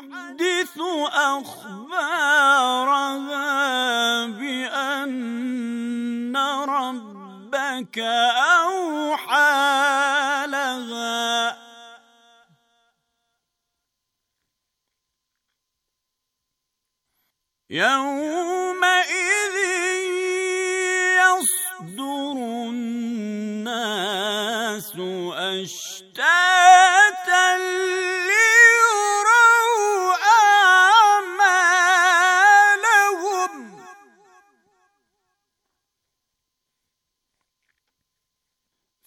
تحدث أخبارها بأن ربك أوحى لها يوم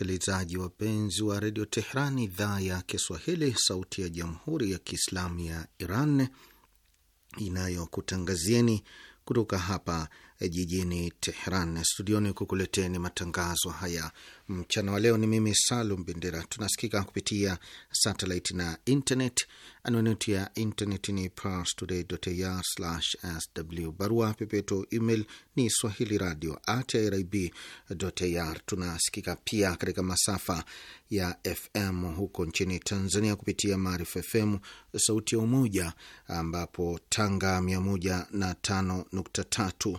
wasikilizaji wapenzi wa redio Tehran, idhaa ya Kiswahili, sauti ya jamhuri ya kiislamu ya Iran inayokutangazieni kutoka hapa jijini Tehran. Studioni kukuleteni matangazo haya mchana wa leo ni mimi Salum Bendera. Tunasikika kupitia satellite na internet. Anwani yetu ya internet ni parstoday.ir/sw, barua pepeto email ni swahili radio at irib.ir. Tunasikika pia katika masafa ya FM huko nchini Tanzania kupitia Maarifa FM sauti ya Umoja, ambapo Tanga 105.3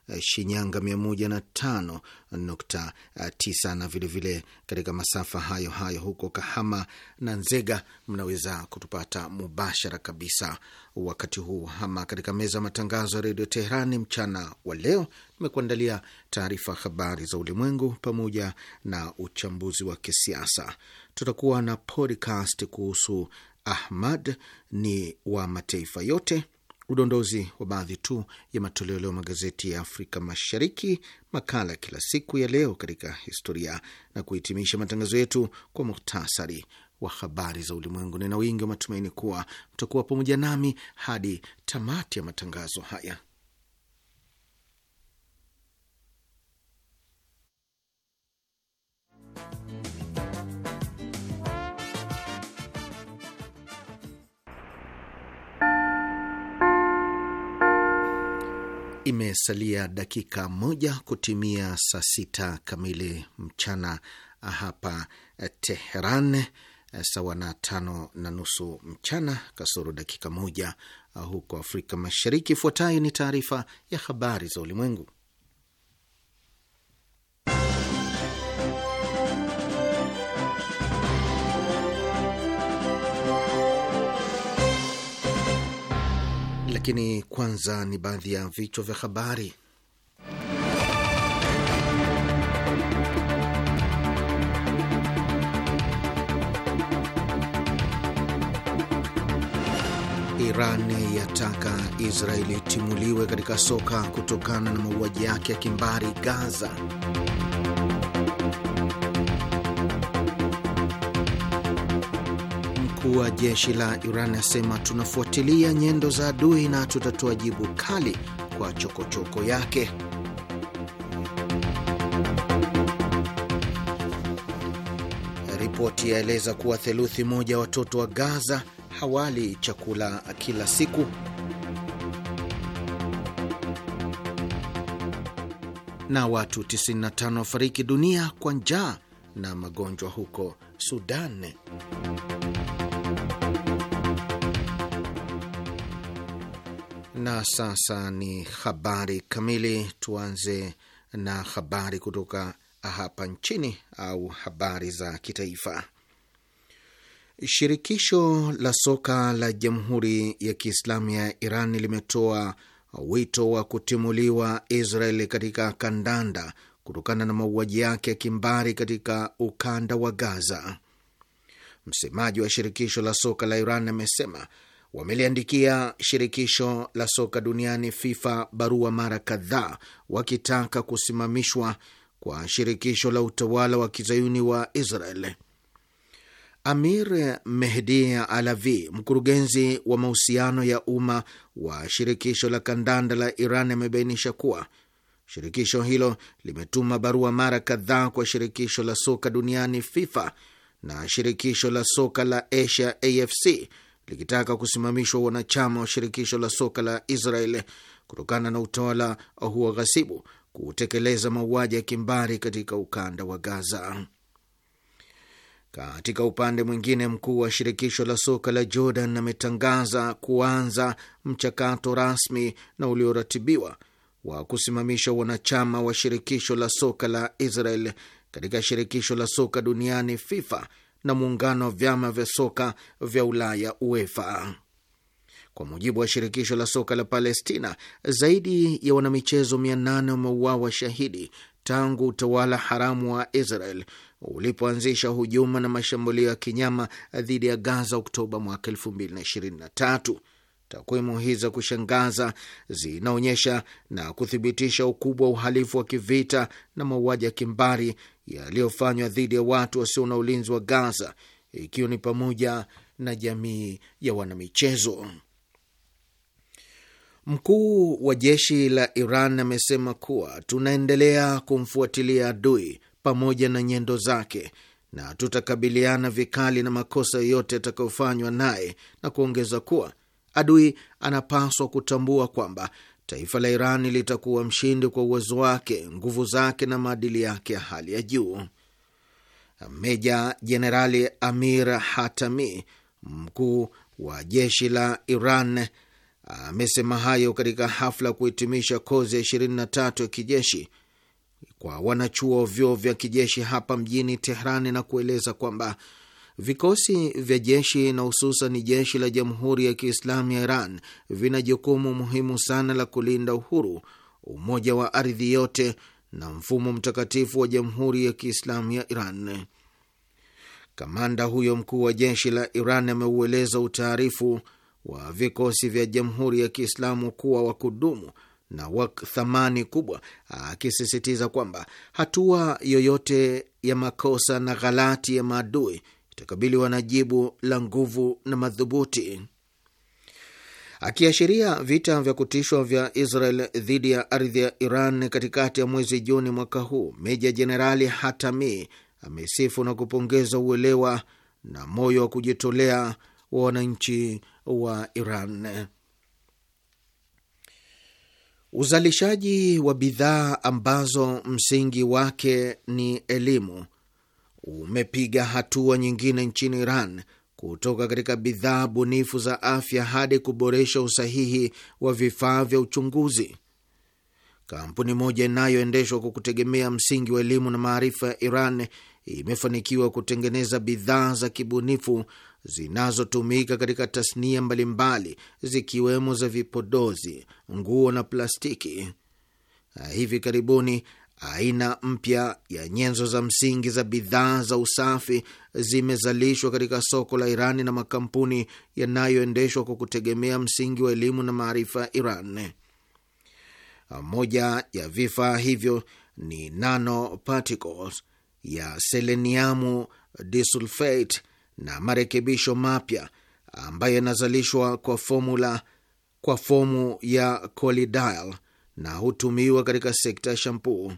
Eh, Shinyanga 105.9 na vilevile katika masafa hayo hayo huko Kahama na Nzega mnaweza kutupata mubashara kabisa wakati huu hama katika meza ya matangazo ya redio Teherani. Mchana wa leo nimekuandalia taarifa habari za ulimwengu pamoja na uchambuzi wa kisiasa. Tutakuwa na podcast kuhusu Ahmad ni wa mataifa yote udondozi wa baadhi tu ya matoleo leo magazeti ya Afrika Mashariki, makala kila siku ya leo katika historia, na kuhitimisha matangazo yetu kwa muhtasari wa habari za ulimwengu. Nina wingi wa matumaini kuwa mtakuwa pamoja nami hadi tamati ya matangazo haya. Imesalia dakika moja kutimia saa sita kamili mchana hapa Teheran, sawa na tano na nusu mchana kasoro dakika moja huko Afrika Mashariki. Ifuatayo ni taarifa ya habari za ulimwengu lakini kwanza ni baadhi ya vichwa vya habari. Iran yataka Israeli itimuliwe katika soka kutokana na mauaji yake ya kimbari Gaza. mkuu wa jeshi la Iran asema tunafuatilia nyendo za adui na tutatoa jibu kali kwa chokochoko choko yake. Ripoti yaeleza kuwa theluthi moja watoto wa Gaza hawali chakula kila siku. Na watu 95 wafariki dunia kwa njaa na magonjwa huko Sudan. Na sasa ni habari kamili. Tuanze na habari kutoka hapa nchini au habari za kitaifa. Shirikisho la soka la Jamhuri ya Kiislamu ya Iran limetoa wito wa kutimuliwa Israel katika kandanda kutokana na mauaji yake ya kimbari katika ukanda wa Gaza. Msemaji wa shirikisho la soka la Iran amesema wameliandikia shirikisho la soka duniani FIFA barua mara kadhaa wakitaka kusimamishwa kwa shirikisho la utawala wa kizayuni wa Israel. Amir Mehdi Alavi, mkurugenzi wa mahusiano ya umma wa shirikisho la kandanda la Iran, amebainisha kuwa shirikisho hilo limetuma barua mara kadhaa kwa shirikisho la soka duniani FIFA na shirikisho la soka la Asia AFC likitaka kusimamishwa wanachama wa shirikisho la soka la Israel kutokana na utawala huo ghasibu kutekeleza mauaji ya kimbari katika ukanda wa Gaza. Katika upande mwingine, mkuu wa shirikisho la soka la Jordan ametangaza kuanza mchakato rasmi na ulioratibiwa wa kusimamisha wanachama wa shirikisho la soka la Israel katika shirikisho la soka duniani FIFA na muungano wa vyama vya soka vya Ulaya, UEFA. Kwa mujibu wa shirikisho la soka la Palestina, zaidi ya wanamichezo 800 wameuawa shahidi tangu utawala haramu wa Israel ulipoanzisha hujuma na mashambulio ya kinyama dhidi ya Gaza Oktoba mwaka 2023. Takwimu hii za kushangaza zinaonyesha na kuthibitisha ukubwa wa uhalifu wa kivita na mauaji ya kimbari yaliyofanywa dhidi ya watu wasio na ulinzi wa Gaza, ikiwa ni pamoja na jamii ya wanamichezo. Mkuu wa jeshi la Iran amesema kuwa tunaendelea kumfuatilia adui pamoja na nyendo zake na tutakabiliana vikali na makosa yote yatakayofanywa naye, na kuongeza kuwa Adui anapaswa kutambua kwamba taifa la Iran litakuwa mshindi kwa uwezo wake, nguvu zake na maadili yake ya hali ya juu. Meja Jenerali Amir Hatami, mkuu wa jeshi la Iran, amesema hayo katika hafla ya kuhitimisha kozi ya 23 ya kijeshi kwa wanachuo vyuo vya kijeshi hapa mjini tehran na kueleza kwamba Vikosi vya jeshi na hususan jeshi la Jamhuri ya Kiislamu ya Iran vina jukumu muhimu sana la kulinda uhuru, umoja wa ardhi yote na mfumo mtakatifu wa Jamhuri ya Kiislamu ya Iran. Kamanda huyo mkuu wa jeshi la Iran ameueleza utaarifu wa vikosi vya Jamhuri ya Kiislamu kuwa wa kudumu na wa thamani kubwa, akisisitiza kwamba hatua yoyote ya makosa na ghalati ya maadui itakabiliwa na jibu la nguvu na madhubuti. Akiashiria vita vya kutishwa vya Israel dhidi ya ardhi ya Iran katikati ya mwezi Juni mwaka huu, Meja Jenerali Hatami amesifu na kupongeza uelewa na moyo wa kujitolea wa wananchi wa Iran. Uzalishaji wa bidhaa ambazo msingi wake ni elimu umepiga hatua nyingine nchini Iran kutoka katika bidhaa bunifu za afya hadi kuboresha usahihi wa vifaa vya uchunguzi. Kampuni moja inayoendeshwa kwa kutegemea msingi wa elimu na maarifa ya Iran imefanikiwa kutengeneza bidhaa za kibunifu zinazotumika katika tasnia mbalimbali zikiwemo za vipodozi, nguo na plastiki. Hivi karibuni aina mpya ya nyenzo za msingi za bidhaa za usafi zimezalishwa katika soko la Irani na makampuni yanayoendeshwa kwa kutegemea msingi wa elimu na maarifa ya Iran. Moja ya vifaa hivyo ni nanoparticles ya seleniamu disulfate na marekebisho mapya ambayo yanazalishwa kwa fomula kwa fomu ya kolidal na hutumiwa katika sekta ya shampoo.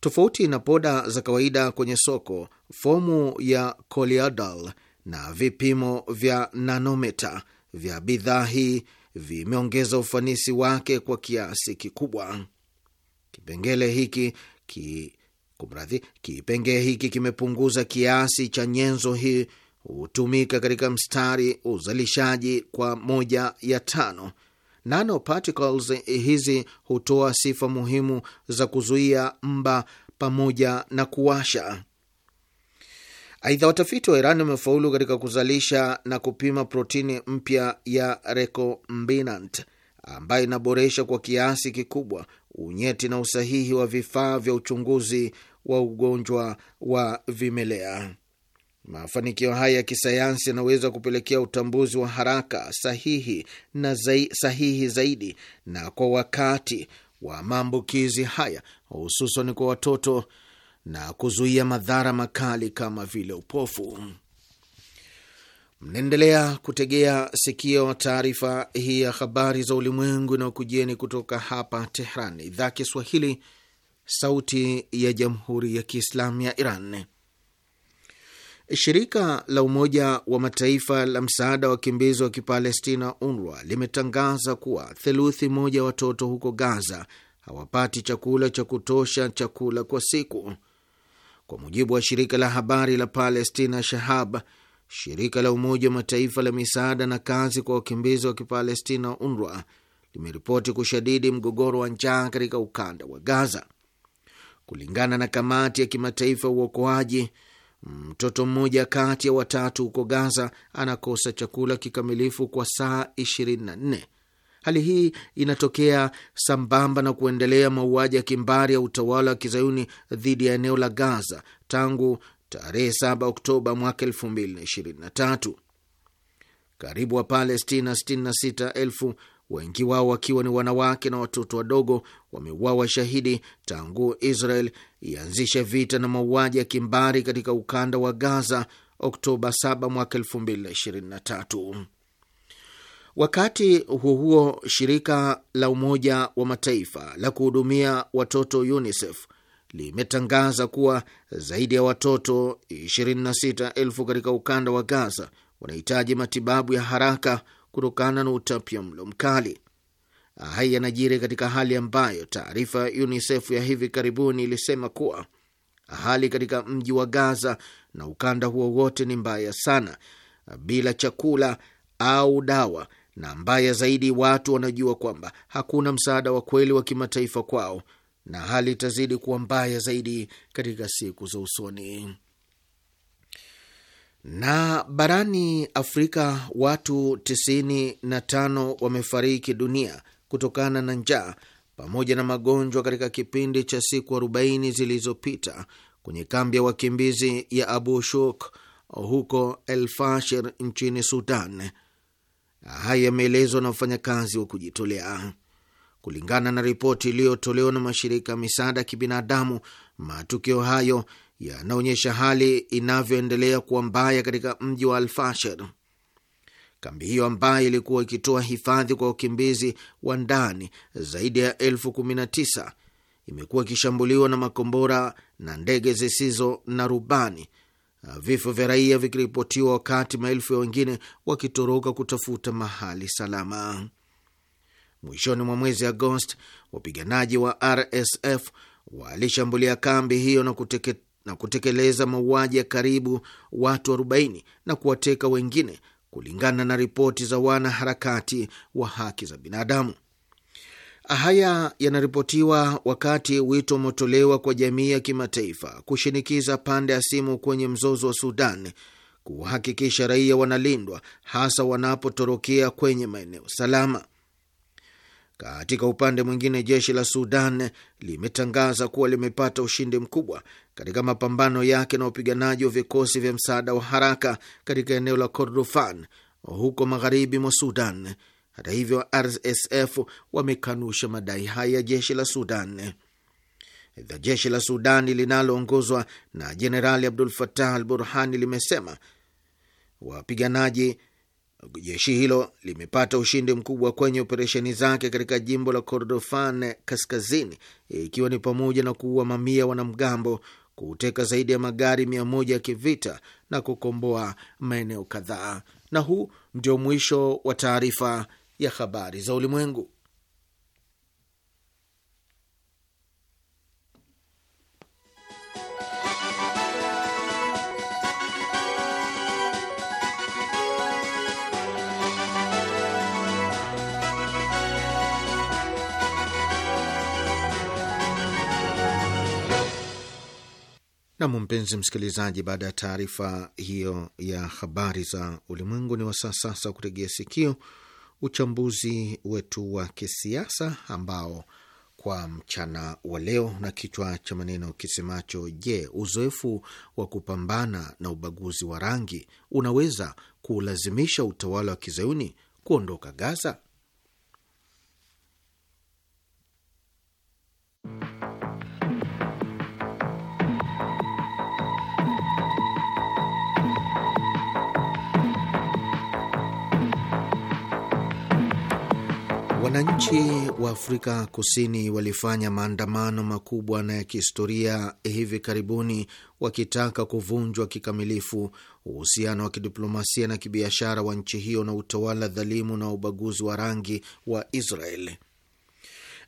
Tofauti na poda za kawaida kwenye soko, fomu ya coliadal na vipimo vya nanometa vya bidhaa hii vimeongeza ufanisi wake kwa kiasi kikubwa. Kipengele hiki ki, kumradhi, kipengee hiki kimepunguza kiasi cha nyenzo hii hutumika katika mstari uzalishaji kwa moja ya tano Nanoparticles hizi hutoa sifa muhimu za kuzuia mba pamoja na kuwasha. Aidha, watafiti wa Iran wamefaulu katika kuzalisha na kupima protini mpya ya recombinant ambayo inaboresha kwa kiasi kikubwa unyeti na usahihi wa vifaa vya uchunguzi wa ugonjwa wa vimelea. Mafanikio haya ya kisayansi yanaweza kupelekea utambuzi wa haraka sahihi na zai, sahihi zaidi na kwa wakati wa maambukizi haya hususan kwa watoto na kuzuia madhara makali kama vile upofu. Mnaendelea kutegea sikio taarifa hii ya habari za ulimwengu inayokujieni kutoka hapa Tehran, idhaa Kiswahili, sauti ya jamhuri ya kiislamu ya Iran. Shirika la Umoja wa Mataifa la msaada wa wakimbizi wa Kipalestina, UNRWA, limetangaza kuwa theluthi moja watoto huko Gaza hawapati chakula cha kutosha chakula kwa siku. Kwa mujibu wa shirika la habari la Palestina Shahab, shirika la Umoja wa Mataifa la misaada na kazi kwa wakimbizi wa Kipalestina, UNRWA, limeripoti kushadidi mgogoro wa njaa katika ukanda wa Gaza. Kulingana na kamati ya kimataifa uokoaji Mtoto mmoja kati ya watatu huko Gaza anakosa chakula kikamilifu kwa saa 24. Hali hii inatokea sambamba na kuendelea mauaji ya kimbari ya utawala wa kizayuni dhidi ya eneo la Gaza tangu tarehe 7 Oktoba mwaka 2023. Karibu Wapalestina 66,000 wengi wao wakiwa ni wanawake na watoto wadogo, wameuawa shahidi tangu Israel ianzishe vita na mauaji ya kimbari katika ukanda wa Gaza Oktoba 7 mwaka 2023. Wakati huo huo, shirika la Umoja wa Mataifa la kuhudumia watoto UNICEF limetangaza kuwa zaidi ya watoto 26,000 katika ukanda wa Gaza wanahitaji matibabu ya haraka kutokana na utapia mlo mkali. Haya yanajiri katika hali ambayo taarifa ya UNICEF ya hivi karibuni ilisema kuwa hali katika mji wa Gaza na ukanda huo wote ni mbaya sana, bila chakula au dawa, na mbaya zaidi, watu wanajua kwamba hakuna msaada wa kweli wa kimataifa kwao, na hali itazidi kuwa mbaya zaidi katika siku za usoni. Na barani Afrika watu 95 wamefariki dunia kutokana na njaa pamoja na magonjwa katika kipindi cha siku 40 zilizopita kwenye kambi ya wakimbizi ya Abu Shuk huko El Fasher nchini Sudan. Haya yameelezwa na wafanyakazi wa kujitolea. Kulingana na ripoti iliyotolewa na mashirika ya misaada ya kibinadamu, matukio hayo yanaonyesha hali inavyoendelea kuwa mbaya katika mji wa Alfashir. Kambi hiyo ambayo ilikuwa ikitoa hifadhi kwa wakimbizi wa ndani zaidi ya elfu kumi na tisa imekuwa ikishambuliwa na makombora na ndege zisizo na rubani, vifo vya raia vikiripotiwa, wakati maelfu ya wengine wakitoroka kutafuta mahali salama. Mwishoni mwa mwezi Agosti, wapiganaji wa RSF walishambulia kambi hiyo na kuteke, na kutekeleza mauaji ya karibu watu 40 na kuwateka wengine, kulingana na ripoti za wanaharakati wa haki za binadamu. Haya yanaripotiwa wakati wito umetolewa kwa jamii ya kimataifa kushinikiza pande ya simu kwenye mzozo wa Sudan kuhakikisha raia wanalindwa, hasa wanapotorokea kwenye maeneo salama. Katika upande mwingine, jeshi la Sudan limetangaza kuwa limepata ushindi mkubwa katika mapambano yake na wapiganaji wa vikosi vya msaada wa haraka katika eneo la Kordofan huko magharibi mwa Sudan. Hata hivyo, RSF wamekanusha madai haya ya jeshi la Sudan. Aidha, jeshi la Sudani linaloongozwa na Jenerali Abdul Fatah al Burhani limesema wapiganaji Jeshi hilo limepata ushindi mkubwa kwenye operesheni zake katika jimbo la Kordofan Kaskazini, ikiwa ni pamoja na kuua mamia wanamgambo, kuteka zaidi ya magari mia moja ya kivita na kukomboa maeneo kadhaa. Na huu ndio mwisho wa taarifa ya habari za ulimwengu. Nam, mpenzi msikilizaji, baada ya taarifa hiyo ya habari za ulimwengu, ni wasaa sasa kutegea sikio uchambuzi wetu wa kisiasa ambao kwa mchana wa leo na kichwa cha maneno kisemacho: Je, uzoefu wa kupambana na ubaguzi wa rangi unaweza kuulazimisha utawala wa kizayuni kuondoka Gaza? Wananchi wa Afrika Kusini walifanya maandamano makubwa na ya kihistoria hivi karibuni wakitaka kuvunjwa kikamilifu uhusiano wa kidiplomasia na kibiashara wa nchi hiyo na utawala dhalimu na ubaguzi wa rangi wa Israel.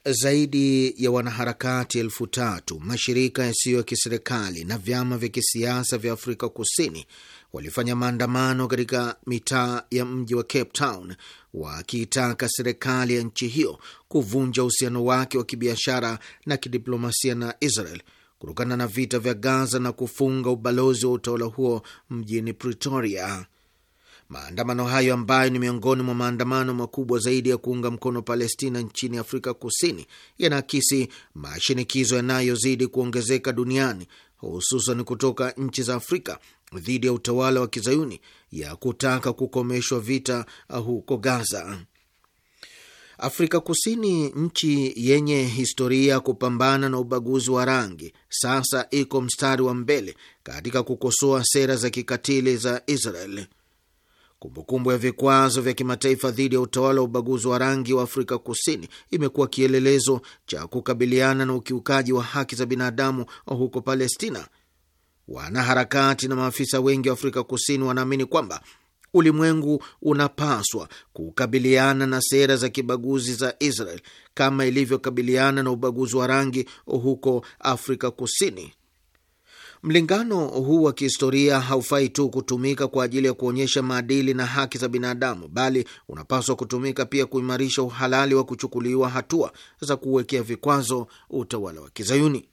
Zaidi ya wanaharakati elfu tatu, mashirika yasiyo ya kiserikali na vyama vya kisiasa vya Afrika Kusini walifanya maandamano katika mitaa ya mji wa Cape Town wakiitaka serikali ya nchi hiyo kuvunja uhusiano wake wa kibiashara na kidiplomasia na Israel kutokana na vita vya Gaza na kufunga ubalozi wa utawala huo mjini Pretoria. Maandamano hayo ambayo ni miongoni mwa maandamano makubwa zaidi ya kuunga mkono Palestina nchini Afrika Kusini yanaakisi mashinikizo yanayozidi kuongezeka duniani hususan kutoka nchi za Afrika dhidi ya utawala wa kizayuni ya kutaka kukomeshwa vita uh, huko Gaza. Afrika Kusini, nchi yenye historia ya kupambana na ubaguzi wa rangi, sasa iko mstari wa mbele katika kukosoa sera za kikatili za Israel. Kumbukumbu ya vikwazo vya kimataifa dhidi ya utawala wa ubaguzi wa rangi wa Afrika Kusini imekuwa kielelezo cha kukabiliana na ukiukaji wa haki za binadamu uh, huko Palestina Wanaharakati na maafisa wengi wa Afrika Kusini wanaamini kwamba ulimwengu unapaswa kukabiliana na sera za kibaguzi za Israel kama ilivyokabiliana na ubaguzi wa rangi huko Afrika Kusini. Mlingano huu wa kihistoria haufai tu kutumika kwa ajili ya kuonyesha maadili na haki za binadamu, bali unapaswa kutumika pia kuimarisha uhalali wa kuchukuliwa hatua za kuwekea vikwazo utawala wa Kizayuni.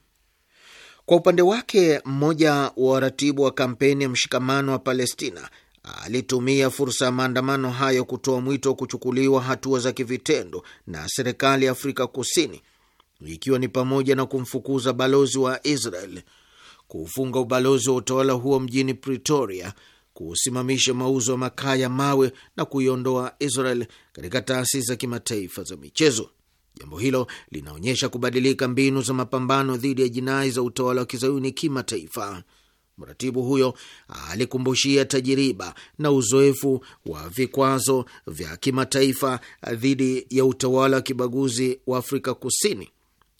Kwa upande wake, mmoja wa waratibu wa kampeni ya mshikamano wa Palestina alitumia fursa ya maandamano hayo kutoa mwito wa kuchukuliwa hatua za kivitendo na serikali ya Afrika Kusini, ikiwa ni pamoja na kumfukuza balozi wa Israel, kufunga ubalozi wa utawala huo mjini Pretoria, kusimamisha mauzo ya makaa ya mawe na kuiondoa Israel katika taasisi za kimataifa za michezo. Jambo hilo linaonyesha kubadilika mbinu za mapambano dhidi ya jinai za utawala wa kizayuni kimataifa. Mratibu huyo alikumbushia tajiriba na uzoefu wa vikwazo vya kimataifa dhidi ya utawala wa kibaguzi wa Afrika Kusini,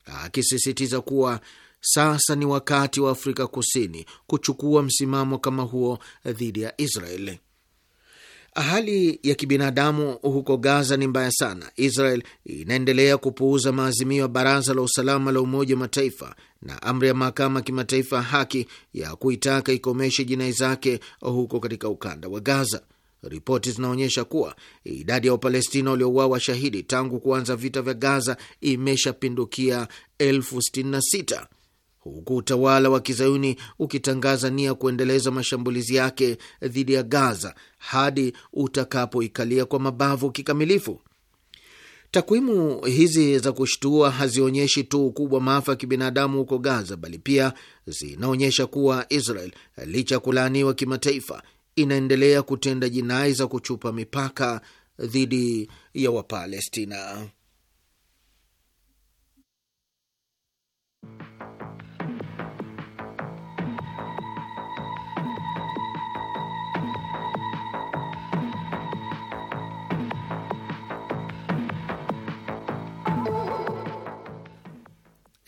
akisisitiza kuwa sasa ni wakati wa Afrika Kusini kuchukua msimamo kama huo dhidi ya Israeli. Hali ya kibinadamu huko Gaza ni mbaya sana. Israel inaendelea kupuuza maazimio ya Baraza la Usalama la Umoja wa Mataifa na amri ya Mahakama ya Kimataifa ya Haki ya kuitaka ikomeshe jinai zake huko katika ukanda wa Gaza. Ripoti zinaonyesha kuwa idadi ya Wapalestina waliouawa shahidi tangu kuanza vita vya Gaza imeshapindukia elfu sitini na sita huku utawala wa kizayuni ukitangaza nia kuendeleza mashambulizi yake dhidi ya Gaza hadi utakapoikalia kwa mabavu kikamilifu. Takwimu hizi za kushtua hazionyeshi tu ukubwa maafa ya kibinadamu huko Gaza, bali pia zinaonyesha kuwa Israel licha ya kulaaniwa kimataifa inaendelea kutenda jinai za kuchupa mipaka dhidi ya Wapalestina.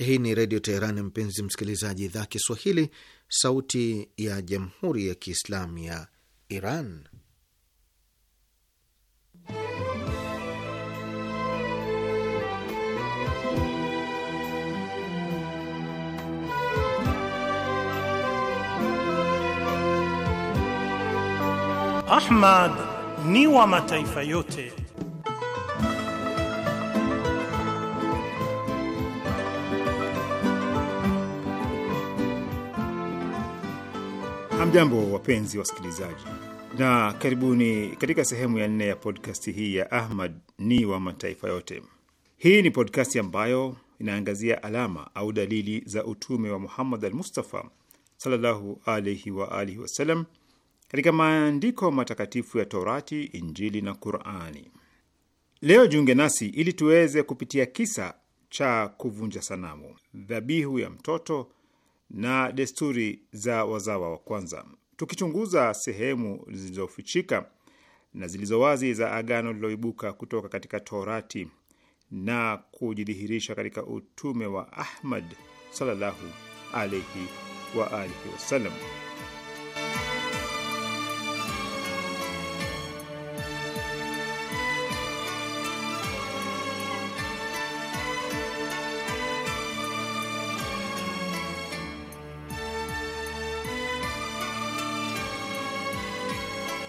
Hii ni Redio Teheran, mpenzi msikilizaji, idhaa Kiswahili, sauti ya jamhuri ya kiislamu ya Iran. Ahmad ni wa mataifa yote. Hamjambo, wapenzi wasikilizaji, na karibuni katika sehemu ya nne ya podkasti hii ya Ahmad ni wa mataifa yote. Hii ni podkasti ambayo inaangazia alama au dalili za utume wa Muhammad al Mustafa sallallahu alaihi wa alihi wasallam katika maandiko matakatifu ya Torati, Injili na Qurani. Leo jiunge nasi ili tuweze kupitia kisa cha kuvunja sanamu, dhabihu ya mtoto na desturi za wazawa wa kwanza. Tukichunguza sehemu zilizofichika na zilizo wazi za agano lililoibuka kutoka katika Torati na kujidhihirisha katika utume wa Ahmad sallallahu alaihi wa alihi wasallam.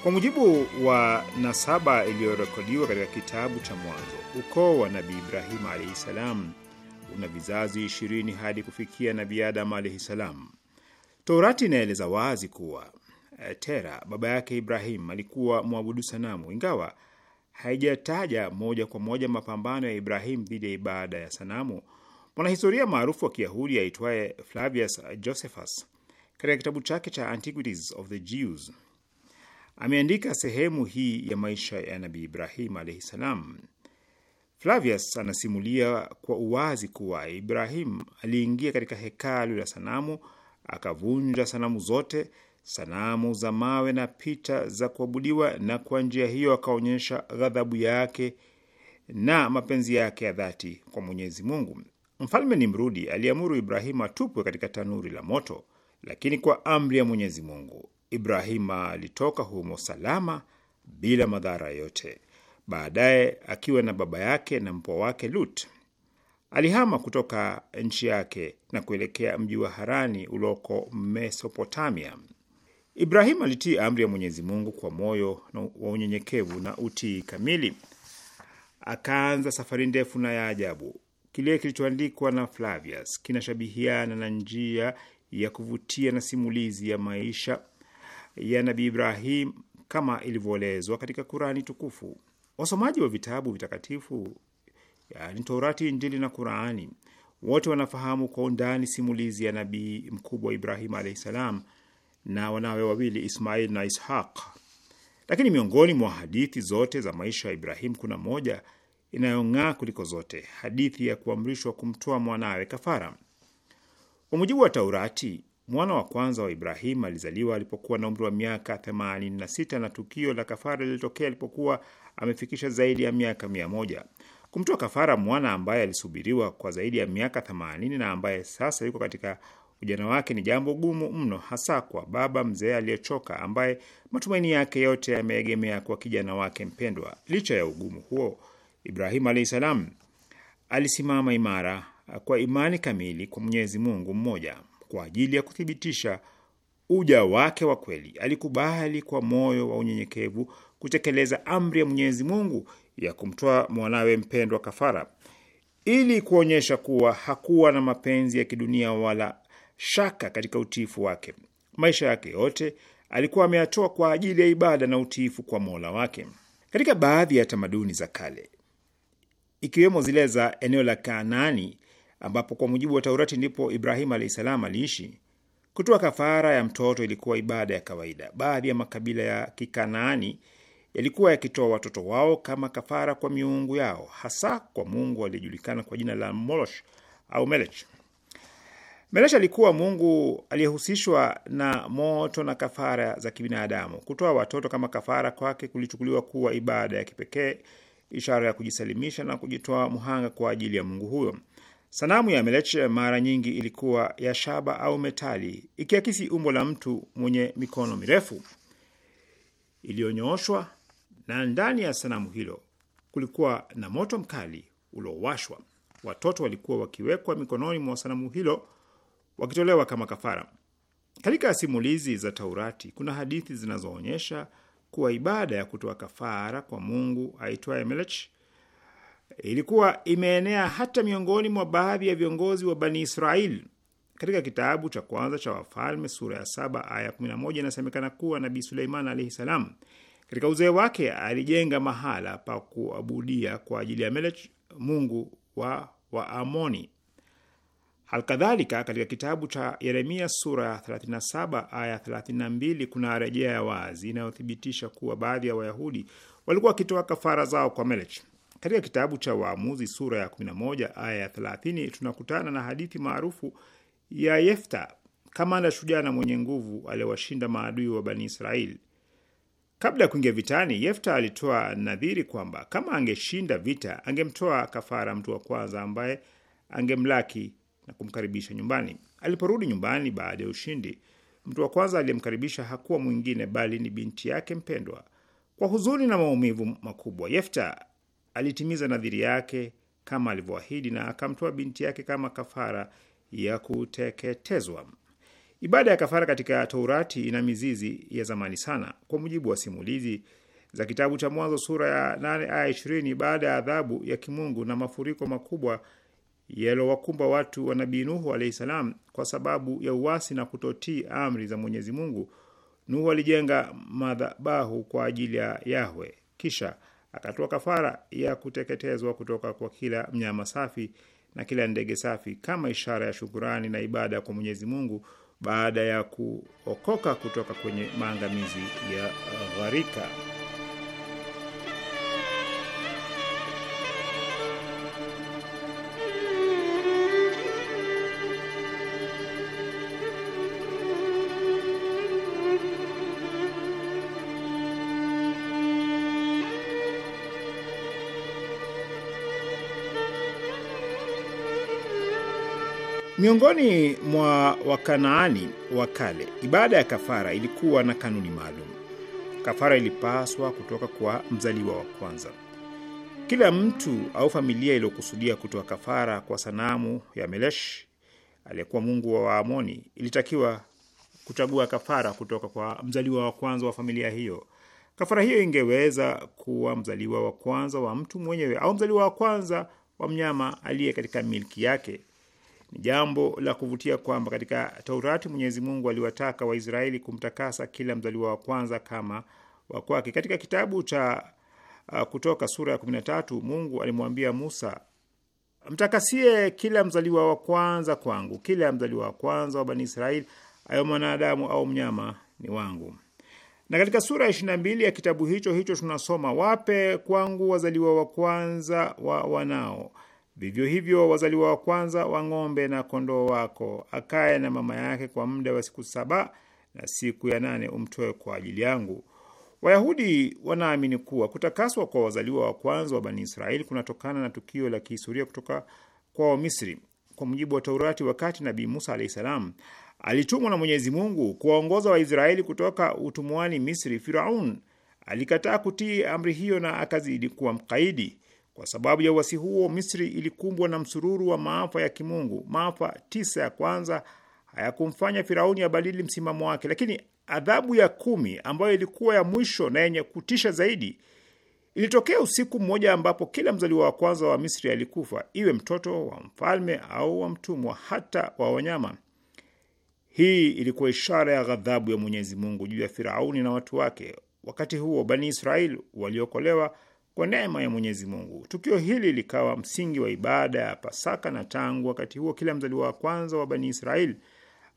Kwa mujibu wa nasaba iliyorekodiwa katika kitabu cha Mwanzo, ukoo wa Nabii Ibrahimu alaihi salam una vizazi ishirini hadi kufikia Nabii Adamu alaihi salam. Taurati inaeleza wazi kuwa eh, Tera baba yake Ibrahim alikuwa mwabudu sanamu, ingawa haijataja moja kwa moja mapambano ya Ibrahim dhidi ya ibada ya sanamu. Mwanahistoria maarufu wa Kiyahudi aitwaye Flavius Josephus katika kitabu chake cha Antiquities of the Jews ameandika sehemu hii ya maisha ya Nabii Ibrahim alaihi salam. Flavius anasimulia kwa uwazi kuwa Ibrahim aliingia katika hekalu la sanamu, akavunja sanamu zote, sanamu za mawe na picha za kuabudiwa, na kwa njia hiyo akaonyesha ghadhabu yake na mapenzi yake ya dhati kwa Mwenyezi Mungu. Mfalme Nimrudi aliamuru Ibrahimu atupwe katika tanuri la moto, lakini kwa amri ya Mwenyezi Mungu. Ibrahima alitoka humo salama bila madhara yote. Baadaye akiwa na baba yake na mpwa wake Lut alihama kutoka nchi yake na kuelekea mji wa Harani ulioko Mesopotamia. Ibrahim alitii amri ya Mwenyezi Mungu kwa moyo wa unyenyekevu na utii kamili. Akaanza safari ndefu na ya ajabu. Kile kilichoandikwa na Flavius kinashabihiana na njia ya kuvutia na simulizi ya maisha ya Nabii Ibrahim kama ilivyoelezwa katika Kurani tukufu. Wasomaji wa vitabu vitakatifu, yani Torati, Injili na Kurani, wote wanafahamu kwa undani simulizi ya nabii mkubwa Ibrahim alahi salam na wanawe wawili Ismail na Ishaq. Lakini miongoni mwa hadithi zote za maisha ya Ibrahim kuna moja inayong'aa kuliko zote, hadithi ya kuamrishwa kumtoa mwanawe kafara. Kwa mujibu wa Taurati, Mwana wa kwanza wa Ibrahim alizaliwa alipokuwa na umri wa miaka 86 na tukio la kafara lilitokea alipokuwa amefikisha zaidi ya miaka mia moja. Kumtoa kafara mwana ambaye alisubiriwa kwa zaidi ya miaka 80 na ambaye sasa yuko katika ujana wake ni jambo gumu mno, hasa kwa baba mzee aliyechoka ambaye matumaini yake yote yameegemea kwa kijana wake mpendwa. Licha ya ugumu huo, Ibrahim alahi salam alisimama imara kwa imani kamili kwa Mwenyezi Mungu mmoja kwa ajili ya kuthibitisha uja wake wa kweli. Alikubali kwa moyo wa unyenyekevu kutekeleza amri ya Mwenyezi Mungu ya kumtoa mwanawe mpendwa kafara, ili kuonyesha kuwa hakuwa na mapenzi ya kidunia wala shaka katika utiifu wake. Maisha yake yote alikuwa ameyatoa kwa ajili ya ibada na utiifu kwa Mola wake. Katika baadhi ya tamaduni za kale, ikiwemo zile za eneo la Kanaani, ambapo kwa mujibu wa Taurati ndipo Ibrahim alahi salam aliishi. Kutoa kafara ya mtoto ilikuwa ibada ya kawaida. Baadhi ya makabila ya Kikanaani yalikuwa yakitoa watoto wao kama kafara kwa miungu yao, hasa kwa mungu aliyejulikana kwa jina la Molosh au Melech. Melech alikuwa mungu aliyehusishwa na moto na kafara za kibinadamu. Kutoa watoto kama kafara kwake kulichukuliwa kuwa ibada ya kipekee, ishara ya kujisalimisha na kujitoa mhanga kwa ajili ya mungu huyo. Sanamu ya Melech mara nyingi ilikuwa ya shaba au metali, ikiakisi umbo la mtu mwenye mikono mirefu iliyonyooshwa, na ndani ya sanamu hilo kulikuwa na moto mkali uliowashwa. Watoto walikuwa wakiwekwa mikononi mwa sanamu hilo wakitolewa kama kafara. Katika simulizi za Taurati kuna hadithi zinazoonyesha kuwa ibada ya kutoa kafara kwa mungu aitwaye Melech ilikuwa imeenea hata miongoni mwa baadhi ya viongozi wa Bani Israeli. Katika kitabu cha kwanza cha Wafalme sura ya saba aya moja inasemekana kuwa Nabii Suleiman alaihi salam katika uzee wake alijenga mahala pa kuabudia kwa ajili ya Melech, mungu wa Waamoni. Alkadhalika, katika kitabu cha Yeremia sura ya 37 aya 32 kuna rejea ya wazi inayothibitisha kuwa baadhi ya Wayahudi walikuwa wakitoa kafara zao kwa Melech. Katika kitabu cha Waamuzi sura ya 11 aya ya 30 tunakutana na hadithi maarufu ya Yefta, kamanda shujaa na mwenye nguvu aliyewashinda maadui wa Bani Israeli. Kabla ya kuingia vitani, Yefta alitoa nadhiri kwamba kama angeshinda vita angemtoa kafara mtu wa kwanza ambaye angemlaki na kumkaribisha nyumbani. Aliporudi nyumbani baada ya ushindi, mtu wa kwanza aliyemkaribisha hakuwa mwingine bali ni binti yake mpendwa. Kwa huzuni na maumivu makubwa, Yefta alitimiza nadhiri yake kama alivyoahidi na akamtoa binti yake kama kafara ya kuteketezwa. Ibada ya kafara katika Taurati ina mizizi ya zamani sana. Kwa mujibu wa simulizi za kitabu cha Mwanzo sura ya 8 aya 20, baada ya adhabu ya kimungu na mafuriko makubwa yaliyowakumba watu wa Nabii Nuhu alahi salam kwa sababu ya uasi na kutotii amri za Mwenyezi Mungu, Nuhu alijenga madhabahu kwa ajili ya Yahwe, kisha akatoa kafara ya kuteketezwa kutoka kwa kila mnyama safi na kila ndege safi kama ishara ya shukurani na ibada kwa Mwenyezi Mungu baada ya kuokoka kutoka kwenye maangamizi ya gharika. Miongoni mwa Wakanaani wa kale, ibada ya kafara ilikuwa na kanuni maalum. Kafara ilipaswa kutoka kwa mzaliwa wa kwanza. Kila mtu au familia iliyokusudia kutoa kafara kwa sanamu ya Melesh aliyekuwa mungu wa Waamoni ilitakiwa kuchagua kafara kutoka kwa mzaliwa wa kwanza wa familia hiyo. Kafara hiyo ingeweza kuwa mzaliwa wa kwanza wa mtu mwenyewe au mzaliwa wa kwanza wa mnyama aliye katika milki yake. Ni jambo la kuvutia kwamba katika Taurati Mwenyezi Mungu aliwataka Waisraeli kumtakasa kila mzaliwa wa kwanza kama wa kwake. Katika kitabu cha uh, Kutoka sura ya 13 Mungu alimwambia Musa, mtakasie kila mzaliwa wa kwanza kwangu, kila mzaliwa wa kwanza wa Bani Israeli, ayo mwanadamu au mnyama, ni wangu. Na katika sura ya 22 ya kitabu hicho hicho tunasoma, wape kwangu wazaliwa wa kwanza wa wanao Vivyo hivyo, wazaliwa wa kwanza wa ng'ombe na kondoo wako akaye na mama yake kwa muda wa siku saba, na siku ya nane umtoe kwa ajili yangu. Wayahudi wanaamini kuwa kutakaswa kwa wazaliwa wa kwanza wa Bani Israeli kunatokana na tukio la kihistoria kutoka kwao Misri. Kwa mujibu wa Taurati, wakati Nabii Musa alahi salam alitumwa na Mwenyezi Mungu kuwaongoza Waisraeli kutoka utumwani Misri, Firaun alikataa kutii amri hiyo na akazidi kuwa mkaidi. Kwa sababu ya uasi huo, Misri ilikumbwa na msururu wa maafa ya kimungu. Maafa tisa ya kwanza hayakumfanya Firauni abadili msimamo wake, lakini adhabu ya kumi ambayo ilikuwa ya mwisho na yenye kutisha zaidi ilitokea usiku mmoja ambapo kila mzaliwa wa kwanza wa Misri alikufa, iwe mtoto wa mfalme au wa mtumwa, hata wa wanyama. Hii ilikuwa ishara ya ghadhabu ya Mwenyezi Mungu juu ya Firauni na watu wake. Wakati huo Bani Israel waliokolewa kwa neema ya Mwenyezi Mungu. Tukio hili likawa msingi wa ibada ya Pasaka, na tangu wakati huo kila mzaliwa wa kwanza wa Bani Israeli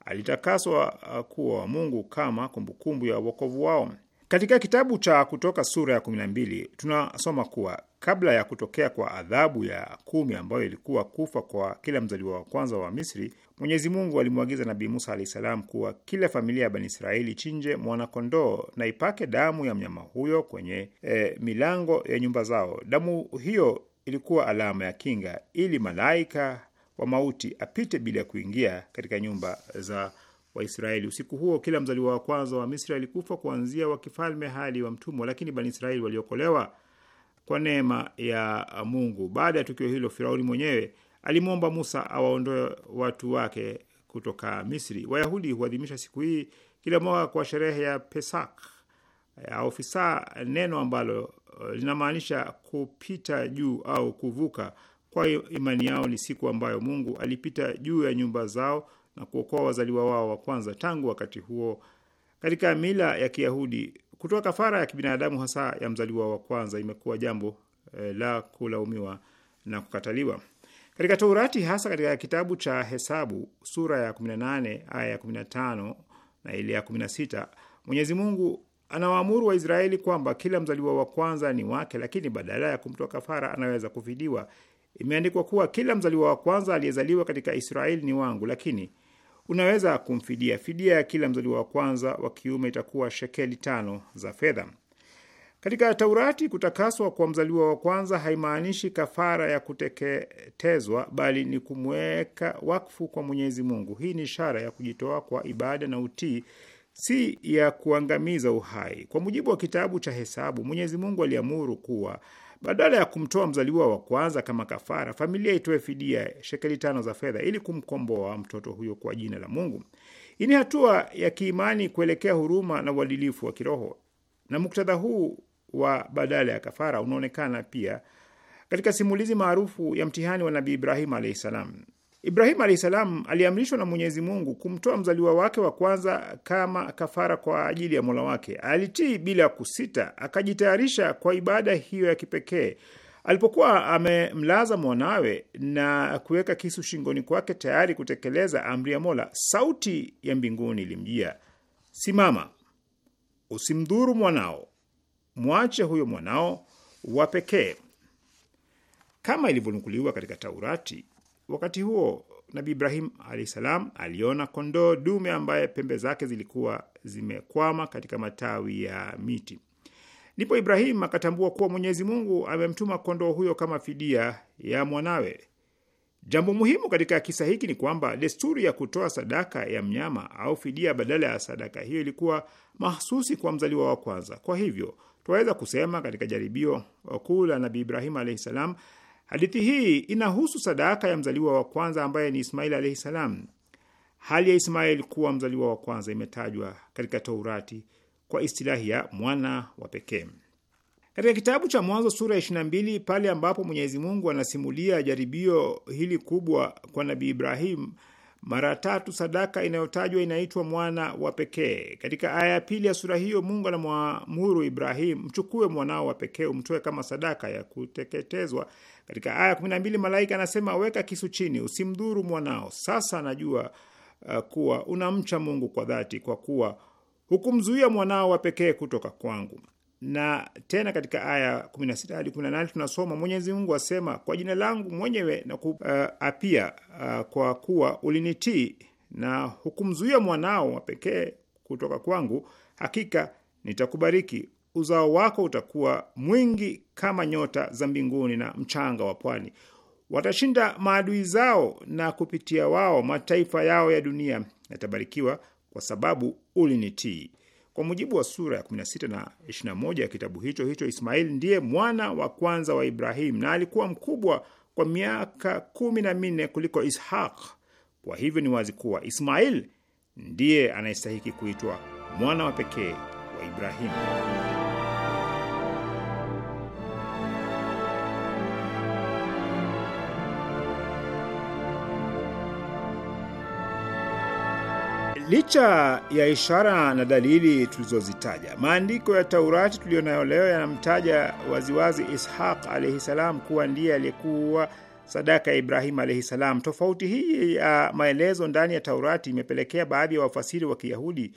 alitakaswa uh, kuwa wa Mungu kama kumbukumbu ya wokovu wao. Katika kitabu cha Kutoka sura ya 12 tunasoma kuwa kabla ya kutokea kwa adhabu ya kumi ambayo ilikuwa kufa kwa kila mzaliwa wa kwanza wa Misri, Mwenyezi Mungu alimwagiza Nabii Musa alahi salam kuwa kila familia ya Bani Israeli ichinje mwanakondoo na ipake damu ya mnyama huyo kwenye e, milango ya nyumba zao. Damu hiyo ilikuwa alama ya kinga ili malaika wa mauti apite bila ya kuingia katika nyumba za Waisraeli. Usiku huo kila mzaliwa wa kwanza wa Misri alikufa kuanzia wa kifalme hadi wa mtumwa, lakini Bani Israeli waliokolewa kwa neema ya Mungu. Baada ya tukio hilo, Firauni mwenyewe alimwomba Musa awaondoe watu wake kutoka Misri. Wayahudi huadhimisha siku hii kila mwaka kwa sherehe ya Pesach au Fisa, neno ambalo eh, linamaanisha kupita juu au kuvuka. Kwa imani yao ni siku ambayo Mungu alipita juu ya nyumba zao na kuokoa wazaliwa wao wa kwanza. Tangu wakati huo, katika mila ya Kiyahudi Kutoa kafara ya kibinadamu hasa ya mzaliwa wa kwanza imekuwa jambo eh, la kulaumiwa na kukataliwa katika Taurati, hasa katika kitabu cha Hesabu sura ya 18 aya ya 15 na ile ya 16. Mwenyezi Mungu anawaamuru Waisraeli kwamba kila mzaliwa wa kwanza ni wake, lakini badala ya kumtoa kafara anaweza kufidiwa. Imeandikwa kuwa kila mzaliwa wa kwanza aliyezaliwa katika Israeli ni wangu, lakini unaweza kumfidia. Fidia ya kila mzaliwa wa kwanza wa kiume itakuwa shekeli tano za fedha. Katika Taurati, kutakaswa kwa mzaliwa wa kwanza haimaanishi kafara ya kuteketezwa, bali ni kumweka wakfu kwa Mwenyezi Mungu. Hii ni ishara ya kujitoa kwa ibada na utii, si ya kuangamiza uhai. Kwa mujibu wa kitabu cha Hesabu, Mwenyezi Mungu aliamuru kuwa badala ya kumtoa mzaliwa wa kwanza kama kafara, familia itoe fidia shekeli tano za fedha ili kumkomboa mtoto huyo kwa jina la Mungu. Hii ni hatua ya kiimani kuelekea huruma na uadilifu wa kiroho, na muktadha huu wa badala ya kafara unaonekana pia katika simulizi maarufu ya mtihani wa Nabii Ibrahim alahi salam ibrahimu alahi salam aliamrishwa na Mwenyezi Mungu kumtoa mzaliwa wake wa kwanza kama kafara kwa ajili ya mola wake. Alitii bila kusita, akajitayarisha kwa ibada hiyo ya kipekee. Alipokuwa amemlaza mwanawe na kuweka kisu shingoni kwake tayari kutekeleza amri ya mola, sauti ya mbinguni ilimjia: Simama, usimdhuru mwanao, mwache huyo mwanao wa pekee. Kama ilivyonukuliwa katika Taurati, Wakati huo Nabi Ibrahim alahi salam aliona kondoo dume ambaye pembe zake zilikuwa zimekwama katika matawi ya miti. Ndipo Ibrahim akatambua kuwa Mwenyezi Mungu amemtuma kondoo huyo kama fidia ya mwanawe. Jambo muhimu katika kisa hiki ni kwamba desturi ya kutoa sadaka ya mnyama au fidia badala ya sadaka hiyo ilikuwa mahsusi kwa mzaliwa wa kwanza. Kwa hivyo twaweza kusema katika jaribio kuu la Nabi Ibrahim alahi salam Hadithi hii inahusu sadaka ya mzaliwa wa kwanza ambaye ni Ismail alaihi salam. Hali ya Ismail kuwa mzaliwa wa kwanza imetajwa katika Taurati kwa istilahi ya mwana wa pekee. Katika kitabu cha Mwanzo sura ya 22 pale ambapo Mwenyezi Mungu anasimulia jaribio hili kubwa kwa Nabii Ibrahim mara tatu sadaka inayotajwa inaitwa mwana wa pekee. Katika aya ya pili ya sura hiyo, Mungu anamwamuru ibrahimu mchukue mwanao wa pekee umtoe kama sadaka ya kuteketezwa. Katika aya ya kumi na mbili malaika anasema, weka kisu chini, usimdhuru mwanao. Sasa najua uh, kuwa unamcha Mungu kwa dhati, kwa kuwa hukumzuia mwanao wa pekee kutoka kwangu na tena katika aya 16 hadi 18 tunasoma Mwenyezi Mungu asema, kwa jina langu mwenyewe na kuapia eh, uh, eh, uh, kwa kuwa ulinitii na hukumzuia mwanao wa pekee kutoka kwangu, hakika nitakubariki. Uzao wako utakuwa mwingi kama nyota za mbinguni na mchanga wa pwani. Watashinda maadui zao, na kupitia wao mataifa yao ya dunia yatabarikiwa, kwa sababu ulinitii. Kwa mujibu wa sura ya 16 na 21 ya kitabu hicho hicho, Ismail ndiye mwana wa kwanza wa Ibrahim na alikuwa mkubwa kwa miaka kumi na minne kuliko Ishaq. Kwa hivyo ni wazi kuwa Ismail ndiye anayestahiki kuitwa mwana wa pekee wa Ibrahimu. Licha ya ishara na dalili tulizozitaja, maandiko ya Taurati tuliyonayo leo yanamtaja waziwazi Ishaq alaihi salam kuwa ndiye aliyekuwa sadaka ya Ibrahim alaihi salam. Tofauti hii ya maelezo ndani ya Taurati imepelekea baadhi ya wafasiri wa Kiyahudi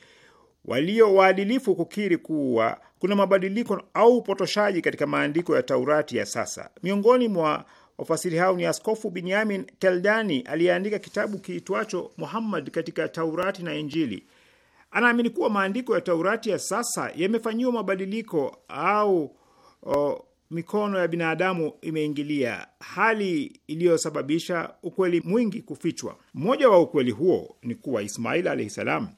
walio waadilifu kukiri kuwa kuna mabadiliko au upotoshaji katika maandiko ya Taurati ya sasa. Miongoni mwa Wafasiri hao ni Askofu Binyamin Teldani aliyeandika kitabu kiitwacho Muhammad katika Taurati na Injili. Anaamini kuwa maandiko ya Taurati ya sasa yamefanyiwa mabadiliko au o, mikono ya binadamu imeingilia, hali iliyosababisha ukweli mwingi kufichwa. Mmoja wa ukweli huo ni kuwa Ismail alahi salam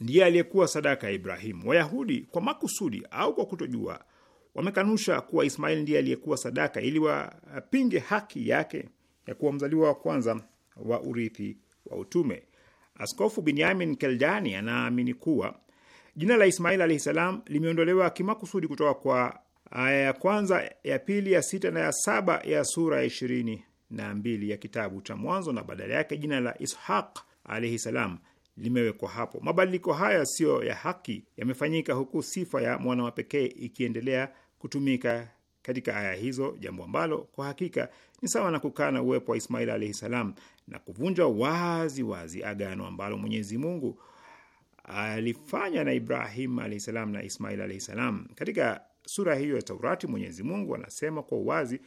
ndiye aliyekuwa sadaka ya Ibrahimu. Wayahudi kwa makusudi au kwa kutojua Wamekanusha kuwa Ismail ndiye aliyekuwa sadaka, ili wapinge haki yake ya kuwa mzaliwa wa kwanza wa urithi wa utume. Askofu Binyamin Keldani anaamini kuwa jina la Ismail alahi salam limeondolewa kimakusudi kutoka kwa aya ya kwanza, ya pili, ya sita na ya saba ya sura ya ishirini na mbili ya kitabu cha Mwanzo, na badala yake jina la Ishaq alahi salam limewekwa hapo. Mabadiliko haya siyo ya haki yamefanyika huku sifa ya mwana wa pekee ikiendelea kutumika katika aya hizo, jambo ambalo kwa hakika ni sawa na kukana uwepo wa Ismail alaihi salam na kuvunjwa wazi wazi agano ambalo Mwenyezi Mungu alifanya na Ibrahim alaihi salam na Ismail alaihi salam. Katika sura hiyo ya Taurati, Mwenyezi Mungu anasema kwa uwazi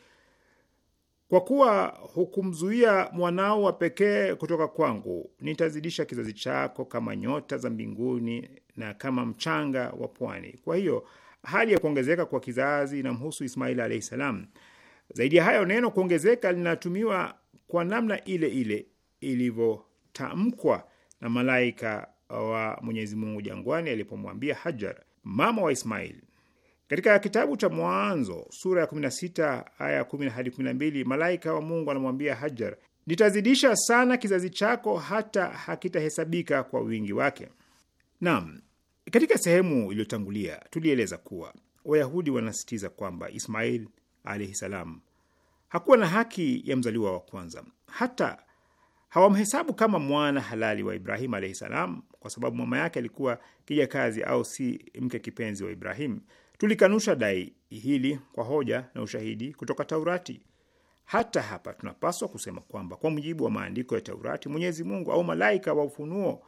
kwa kuwa hukumzuia mwanao wa pekee kutoka kwangu, nitazidisha kizazi chako kama nyota za mbinguni na kama mchanga wa pwani. Kwa hiyo hali ya kuongezeka kwa kizazi inamhusu Ismail alahi salam. Zaidi ya hayo, neno kuongezeka linatumiwa kwa namna ile ile ilivyotamkwa na malaika wa Mwenyezi Mungu jangwani alipomwambia Hajar, mama wa Ismail, katika kitabu cha Mwanzo sura ya 16 aya ya 10 hadi 12, malaika wa Mungu anamwambia Hajar, nitazidisha sana kizazi chako hata hakitahesabika kwa wingi wake. Naam, katika sehemu iliyotangulia tulieleza kuwa Wayahudi wanasisitiza kwamba Ismail alaihi salam hakuwa na haki ya mzaliwa wa kwanza, hata hawamhesabu kama mwana halali wa Ibrahim alaihi salam, kwa sababu mama yake alikuwa kijakazi au si mke kipenzi wa Ibrahim. Tulikanusha dai hili kwa hoja na ushahidi kutoka Taurati. Hata hapa tunapaswa kusema kwamba kwa mujibu wa maandiko ya Taurati, Mwenyezi Mungu au malaika wa ufunuo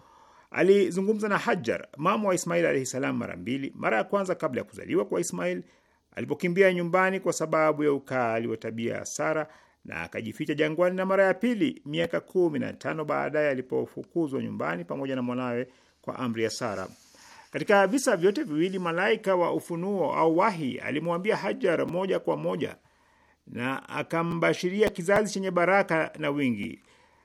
alizungumza na Hajar, mama wa Ismail alahi salam, mara mbili. Mara ya kwanza kabla ya kuzaliwa kwa Ismail alipokimbia nyumbani kwa sababu ya ukali wa tabia ya Sara na akajificha jangwani, na mara ya pili miaka kumi na tano baadaye alipofukuzwa nyumbani pamoja na mwanawe kwa amri ya Sara. Katika visa vyote viwili, malaika wa ufunuo au wahi alimwambia Hajar moja kwa moja na akambashiria kizazi chenye baraka na wingi.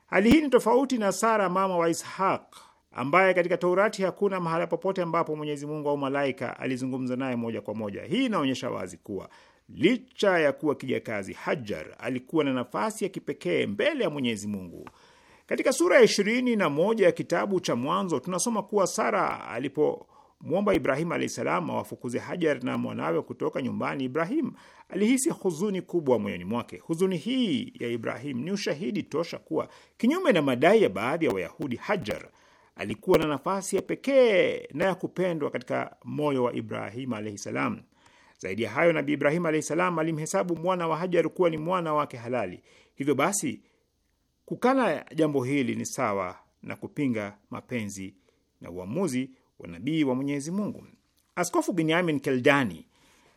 Hali hii ni tofauti na Sara, mama wa Ishaq, ambaye katika Taurati hakuna mahala popote ambapo Mwenyezi Mungu au malaika alizungumza naye moja kwa moja. Hii inaonyesha wazi kuwa licha ya kuwa kijakazi, Hajar alikuwa na nafasi ya kipekee mbele ya Mwenyezi Mungu. Katika sura ya ishirini na moja ya kitabu cha Mwanzo tunasoma kuwa Sara alipo kumwomba Ibrahim alahi salam awafukuze Hajar na mwanawe kutoka nyumbani, Ibrahim alihisi huzuni kubwa moyoni mwake. Huzuni hii ya Ibrahim ni ushahidi tosha kuwa kinyume na madai ya baadhi ya Wayahudi, Hajar alikuwa na nafasi ya pekee na ya kupendwa katika moyo wa Ibrahim alahi salam. Zaidi ya hayo, nabi Ibrahim alahi salam alimhesabu mwana wa Hajar kuwa ni mwana wake halali. Hivyo basi kukana jambo hili ni sawa na kupinga mapenzi na uamuzi nabii wa Mwenyezi Mungu. Askofu Binyamin Keldani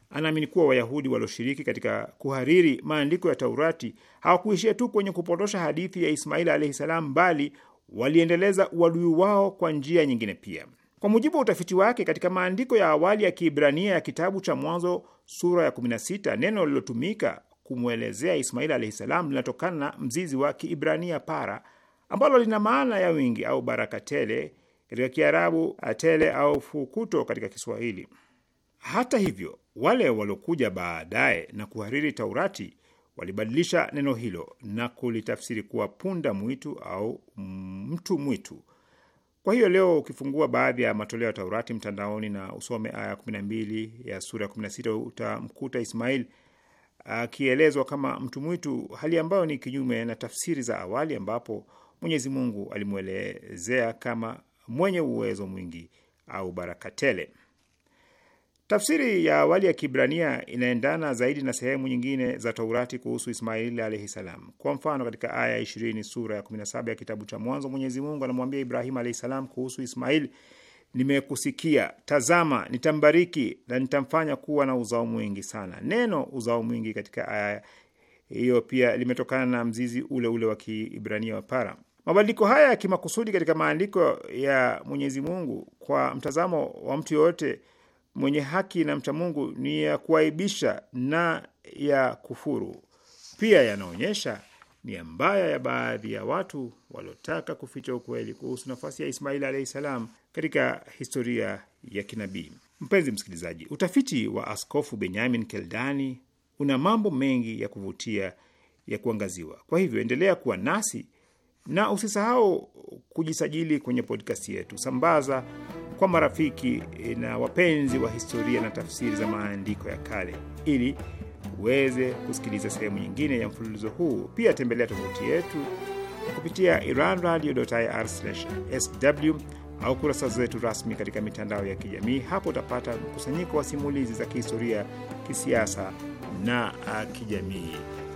anaamini kuwa Wayahudi walioshiriki katika kuhariri maandiko ya Taurati hawakuishia tu kwenye kupotosha hadithi ya Ismaili alaihi salam, bali waliendeleza uadui wao kwa njia nyingine pia. Kwa mujibu wa utafiti wake, katika maandiko ya awali ya Kiibrania ya kitabu cha Mwanzo sura ya 16 neno lililotumika kumwelezea Ismaili alaihi salam linatokana na mzizi wa Kiibrania para, ambalo lina maana ya wingi au baraka tele katika Kiarabu atele au fukuto katika Kiswahili. Hata hivyo, wale waliokuja baadaye na kuhariri Taurati walibadilisha neno hilo na kulitafsiri kuwa punda mwitu au mtu mwitu. Kwa hiyo leo ukifungua baadhi ya matoleo ya Taurati mtandaoni na usome aya 12 ya sura 16 utamkuta Ismail akielezwa kama mtu mwitu, hali ambayo ni kinyume na tafsiri za awali ambapo Mwenyezi Mungu alimwelezea kama mwenye uwezo mwingi au baraka tele. Tafsiri ya awali ya Kibrania inaendana zaidi na sehemu nyingine za Taurati kuhusu Ismaili alaihi salam. Kwa mfano, katika aya 20 sura ya 17 ya kitabu cha Mwanzo, Mwenyezi Mungu anamwambia Ibrahim alaihi salam kuhusu Ismaili, nimekusikia, tazama, nitambariki na nitamfanya kuwa na uzao mwingi sana. Neno uzao mwingi katika aya hiyo pia limetokana na mzizi ule ule wa Kiibrania wa para Mabadiliko haya ya kimakusudi katika maandiko ya Mwenyezi Mungu kwa mtazamo wa mtu yoyote mwenye haki na mcha Mungu ni ya kuaibisha na ya kufuru. Pia yanaonyesha nia mbaya ya baadhi ya watu waliotaka kuficha ukweli kuhusu nafasi ya Ismail alahi salam katika historia ya kinabii. Mpenzi msikilizaji, utafiti wa Askofu Benyamin Keldani una mambo mengi ya kuvutia ya kuangaziwa. Kwa hivyo endelea kuwa nasi na usisahau kujisajili kwenye podkasti yetu. Sambaza kwa marafiki eh, na wapenzi wa historia na tafsiri za maandiko ya kale ili uweze kusikiliza sehemu nyingine ya mfululizo huu. Pia tembelea tovuti yetu kupitia iranradio.ir/sw au kurasa zetu rasmi katika mitandao ya kijamii. Hapo utapata mkusanyiko wa simulizi za kihistoria, kisiasa na ah, kijamii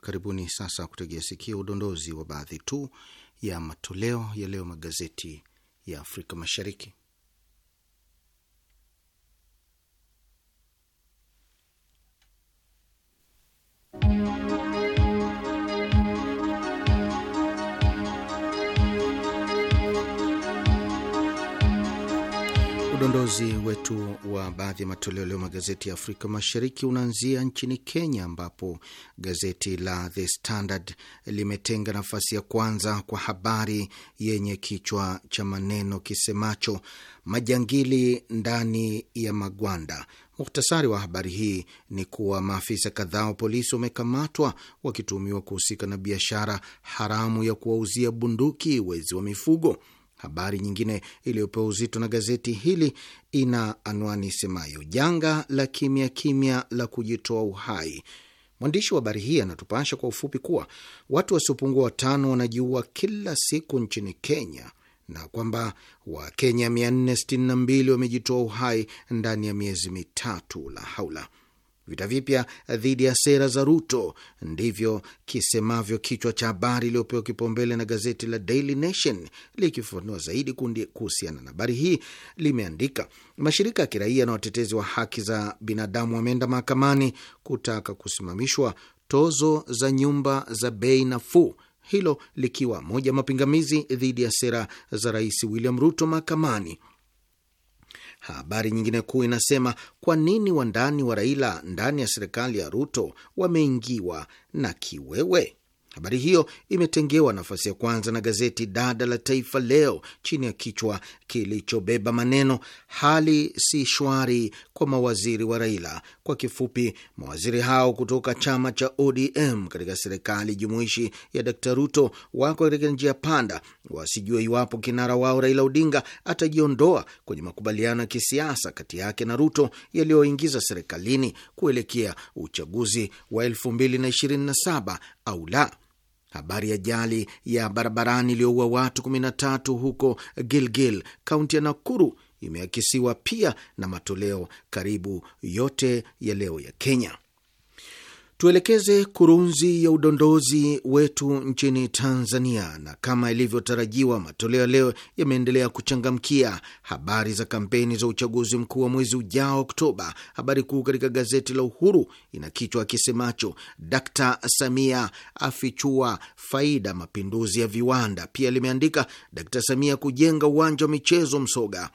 Karibuni sasa kutegea sikio udondozi wa baadhi tu ya matoleo ya leo magazeti ya Afrika Mashariki. Udondozi wetu wa baadhi ya matoleo leo magazeti ya Afrika Mashariki unaanzia nchini Kenya, ambapo gazeti la The Standard limetenga nafasi ya kwanza kwa habari yenye kichwa cha maneno kisemacho majangili ndani ya magwanda. Muhtasari wa habari hii ni kuwa maafisa kadhaa wa polisi wamekamatwa wakituhumiwa kuhusika na biashara haramu ya kuwauzia bunduki wezi wa mifugo. Habari nyingine iliyopewa uzito na gazeti hili ina anwani isemayo janga la kimya kimya la kujitoa uhai. Mwandishi wa habari hii anatupasha kwa ufupi kuwa watu wasiopungua watano wanajiua kila siku nchini Kenya na kwamba Wakenya 462 wamejitoa uhai ndani ya miezi mitatu. La haula! vita vipya dhidi ya sera za Ruto, ndivyo kisemavyo kichwa cha habari iliyopewa kipaumbele na gazeti la Daily Nation. Likifafanua zaidi kuhusiana na habari hii, limeandika mashirika ya kiraia na watetezi wa haki za binadamu wameenda mahakamani kutaka kusimamishwa tozo za nyumba za bei nafuu, hilo likiwa moja mapingamizi dhidi ya sera za Rais William Ruto mahakamani. Habari nyingine kuu inasema kwa nini wandani wa Raila ndani ya serikali ya Ruto wameingiwa na kiwewe. Habari hiyo imetengewa nafasi ya kwanza na gazeti dada la Taifa Leo chini ya kichwa kilichobeba maneno hali si shwari kwa mawaziri wa Raila. Kwa kifupi, mawaziri hao kutoka chama cha ODM katika serikali jumuishi ya Dkt Ruto wako katika njia panda, wasijue iwapo kinara wao Raila Odinga atajiondoa kwenye makubaliano ya kisiasa kati yake na Ruto yaliyoingiza serikalini kuelekea uchaguzi wa 2027 au la. Habari ya ajali ya barabarani iliyoua watu 13 huko Gilgil, kaunti ya Nakuru, imeakisiwa pia na matoleo karibu yote ya leo ya Kenya. Tuelekeze kurunzi ya udondozi wetu nchini Tanzania, na kama ilivyotarajiwa, matoleo leo yameendelea kuchangamkia habari za kampeni za uchaguzi mkuu wa mwezi ujao Oktoba. Habari kuu katika gazeti la Uhuru ina kichwa kisemacho Dkt Samia afichua faida mapinduzi ya viwanda. Pia limeandika Dkt Samia kujenga uwanja wa michezo Msoga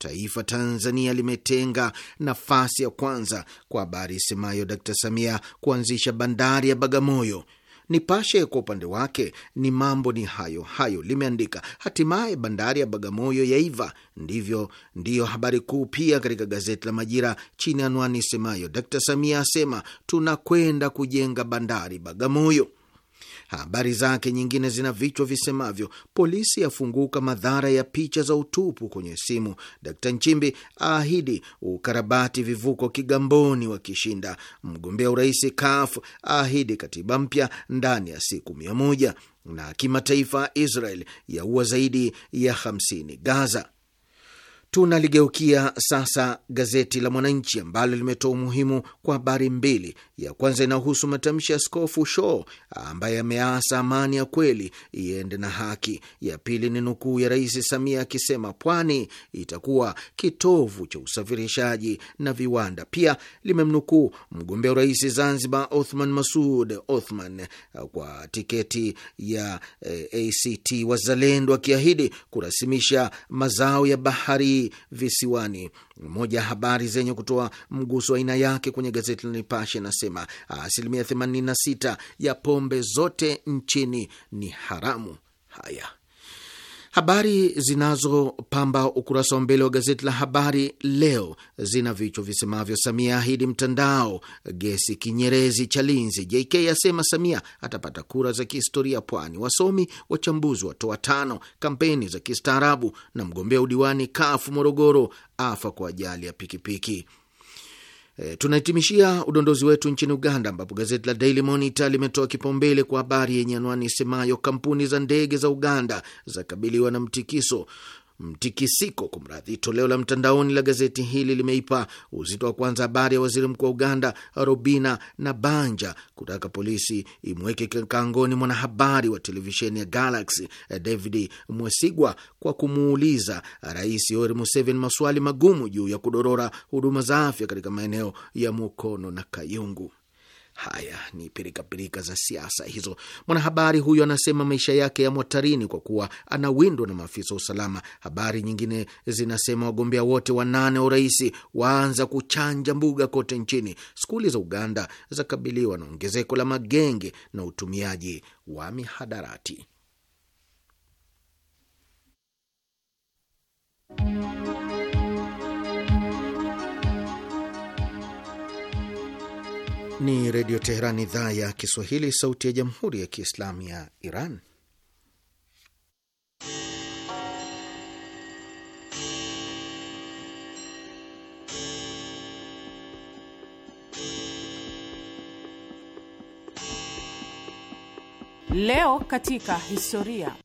taifa Tanzania limetenga nafasi ya kwanza kwa habari isemayo Dkt Samia kuanzisha bandari ya Bagamoyo. Nipashe kwa upande wake ni mambo ni hayo hayo, limeandika hatimaye bandari ya Bagamoyo yaiva. Ndivyo ndiyo habari kuu pia katika gazeti la Majira chini ya anwani isemayo Dkt Samia asema tunakwenda kujenga bandari Bagamoyo. Habari zake nyingine zina vichwa visemavyo: polisi afunguka madhara ya picha za utupu kwenye simu, Dkt Nchimbi aahidi ukarabati vivuko Kigamboni wakishinda, mgombea urais CUF aahidi katiba mpya ndani ya siku mia moja, na kimataifa, Israel yaua zaidi ya 50 Gaza. Tunaligeukia sasa gazeti la Mwananchi ambalo limetoa umuhimu kwa habari mbili. Ya kwanza inahusu matamshi ya Skofu Shaw ambaye ameasa amani ya kweli iende na haki. Ya pili ni nukuu ya Rais Samia akisema Pwani itakuwa kitovu cha usafirishaji na viwanda. Pia limemnukuu mgombea urais Zanzibar Othman Masud Othman kwa tiketi ya eh, ACT Wazalendo akiahidi kurasimisha mazao ya bahari visiwani. Moja ya habari zenye kutoa mguso aina yake kwenye gazeti la Nipashe inasema asilimia 86 ya pombe zote nchini ni haramu. Haya Habari zinazopamba ukurasa wa mbele wa gazeti la Habari Leo zina vichwa visemavyo: Samia ahidi mtandao gesi Kinyerezi Chalinzi, JK asema Samia atapata kura za kihistoria Pwani, wasomi wachambuzi watoa tano, kampeni za kistaarabu, na mgombea udiwani kafu Morogoro afa kwa ajali ya pikipiki. E, tunahitimishia udondozi wetu nchini Uganda, ambapo gazeti la Daily Monitor limetoa kipaumbele kwa habari yenye anwani isemayo kampuni za ndege za Uganda zakabiliwa na mtikiso mtikisiko. Kumradhi, toleo la mtandaoni la gazeti hili limeipa uzito wa kwanza habari ya waziri mkuu wa Uganda Robina na banja kutaka polisi imweke kangoni mwanahabari wa televisheni ya Galaxy David Mwesigwa kwa kumuuliza Rais Yoweri Museveni maswali magumu juu ya kudorora huduma za afya katika maeneo ya Mukono na Kayungu. Haya ni pirikapirika za siasa hizo. Mwanahabari huyo anasema maisha yake yamo hatarini kwa kuwa anawindwa na maafisa wa usalama. Habari nyingine zinasema wagombea wote wanane wa urais waanza kuchanja mbuga kote nchini. Skuli za Uganda zakabiliwa na ongezeko la magenge na utumiaji wa mihadarati. Ni Redio Teheran, idhaa ya Kiswahili, sauti ya Jamhuri ya Kiislamu ya Iran. Leo katika historia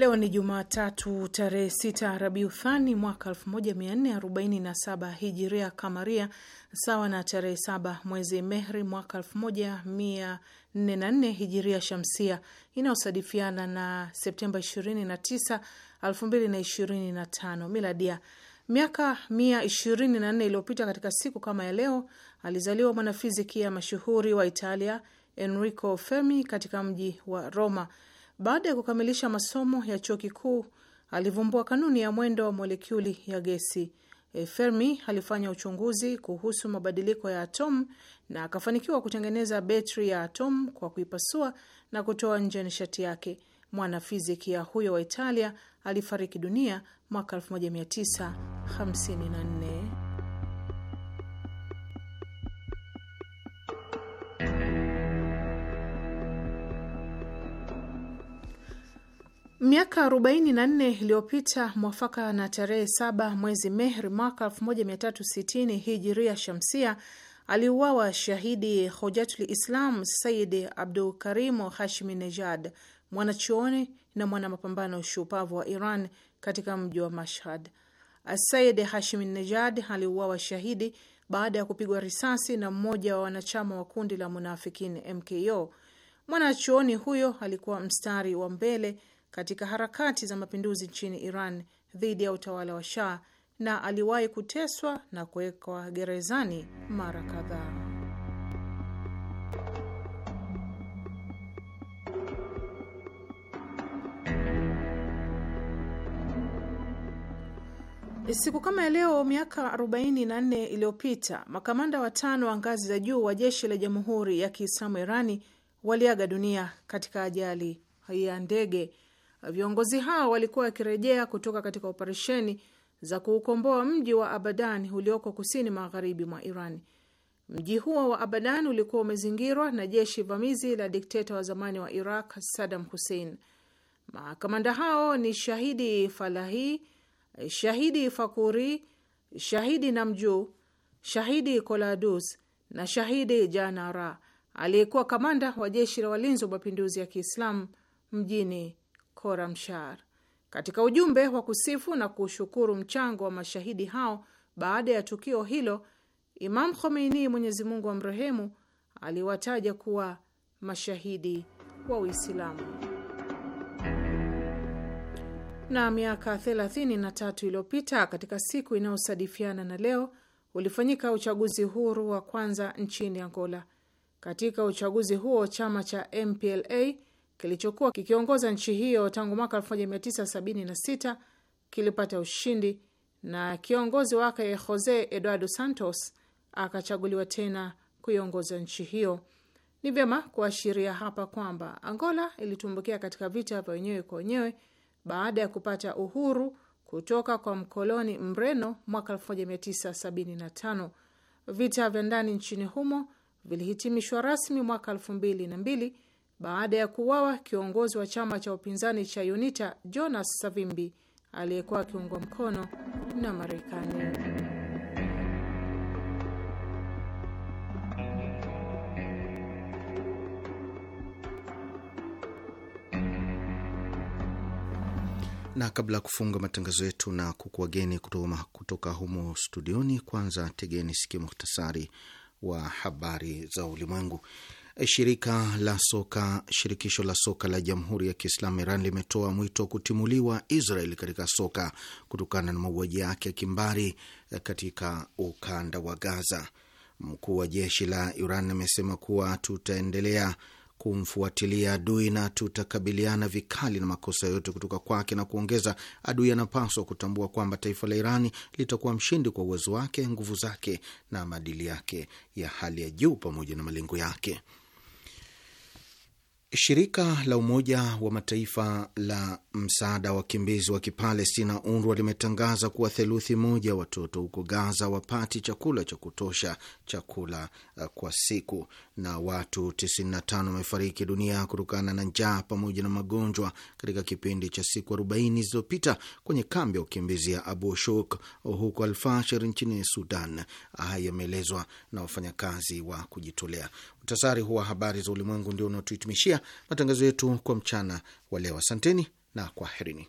Leo ni Jumatatu tarehe 6 Rabiuthani mwaka 1447 hijiria kamaria, sawa na tarehe saba mwezi Mehri mwaka nne hijiria shamsia, inayosadifiana na Septemba na tano miladia. Miaka nne iliyopita katika siku kama ya leo alizaliwa mwanafizikia mashuhuri wa Italia Enrico Fermi katika mji wa Roma. Baada ya kukamilisha masomo ya chuo kikuu, alivumbua kanuni ya mwendo wa molekuli ya gesi. E, Fermi alifanya uchunguzi kuhusu mabadiliko ya atomu na akafanikiwa kutengeneza betri ya atomu kwa kuipasua na kutoa nje nishati yake. Mwanafizikia huyo wa Italia alifariki dunia mwaka 1954. Miaka 44 iliyopita mwafaka na tarehe 7 mwezi Mehri mwaka 1360 hijiria shamsia aliuawa shahidi Hojatul Islam Sayid Abdul Karimu Hashimi Nejad, mwanachuoni na mwana mapambano shupavu wa Iran katika mji wa Mashhad. Sayid Hashimi Nejad aliuawa shahidi baada ya kupigwa risasi na mmoja wa wanachama wa kundi la munafikin MKO. Mwanachuoni huyo alikuwa mstari wa mbele katika harakati za mapinduzi nchini Iran dhidi ya utawala wa Shah na aliwahi kuteswa na kuwekwa gerezani mara kadhaa. Siku kama ya leo miaka 44 iliyopita makamanda watano wa ngazi za juu wa jeshi la jamhuri ya Kiislamu Irani waliaga dunia katika ajali ya ndege Viongozi hao walikuwa wakirejea kutoka katika operesheni za kuukomboa mji wa Abadan ulioko kusini magharibi mwa Iran. Mji huo wa Abadan ulikuwa umezingirwa na jeshi vamizi la dikteta wa zamani wa Iraq, Saddam Hussein. Makamanda hao ni Shahidi Falahi, Shahidi Fakuri, Shahidi Namju, Shahidi Koladus na Shahidi Janara, aliyekuwa kamanda wa jeshi la walinzi wa mapinduzi ya Kiislamu mjini Khorramshahr katika ujumbe wa kusifu na kushukuru mchango wa mashahidi hao. Baada ya tukio hilo, Imam Khomeini, Mwenyezi Mungu mrehemu aliwataja kuwa mashahidi wa Uislamu. Na miaka 33 iliyopita katika siku inayosadifiana na leo ulifanyika uchaguzi huru wa kwanza nchini Angola. Katika uchaguzi huo chama cha MPLA kilichokuwa kikiongoza nchi hiyo tangu mwaka 1976 kilipata ushindi na kiongozi wake Jose Eduardo Santos akachaguliwa tena kuiongoza nchi hiyo. Ni vyema kuashiria hapa kwamba Angola ilitumbukia katika vita vya wenyewe kwa wenyewe baada ya kupata uhuru kutoka kwa mkoloni Mreno mwaka 1975. Vita vya ndani nchini humo vilihitimishwa rasmi mwaka 2002 baada ya kuuawa kiongozi wa chama cha upinzani cha UNITA Jonas Savimbi aliyekuwa akiungwa mkono na Marekani. Na kabla ya kufunga matangazo yetu na kukuwageni kutoka, kutoka humo studioni, kwanza tegeni sikio muhtasari wa habari za ulimwengu. E, shirika la soka shirikisho la soka la Jamhuri ya Kiislamu Iran limetoa mwito wa kutimuliwa Israel katika soka kutokana na mauaji yake ya kimbari e, katika ukanda wa Gaza. Mkuu wa jeshi la Iran amesema kuwa tutaendelea kumfuatilia adui na tutakabiliana vikali na makosa yote kutoka kwake, na kuongeza, adui anapaswa kutambua kwamba taifa la Irani litakuwa mshindi kwa uwezo wake, nguvu zake na maadili yake ya hali ya juu pamoja na malengo yake. Shirika la Umoja wa Mataifa la msaada wa wakimbizi wa Kipalestina, UNRWA, limetangaza kuwa theluthi moja watoto huko Gaza wapati chakula cha kutosha chakula uh, kwa siku, na watu 95 wamefariki dunia kutokana na njaa pamoja na magonjwa katika kipindi cha siku 40 zilizopita kwenye kambi ya wakimbizi ya Abu Shuk uh, huko Alfashir nchini Sudan. Haya yameelezwa na wafanyakazi wa kujitolea. Muhtasari huwa habari za ulimwengu ndio unaotuhitimishia matangazo yetu kwa mchana wa leo. Asanteni na kwaherini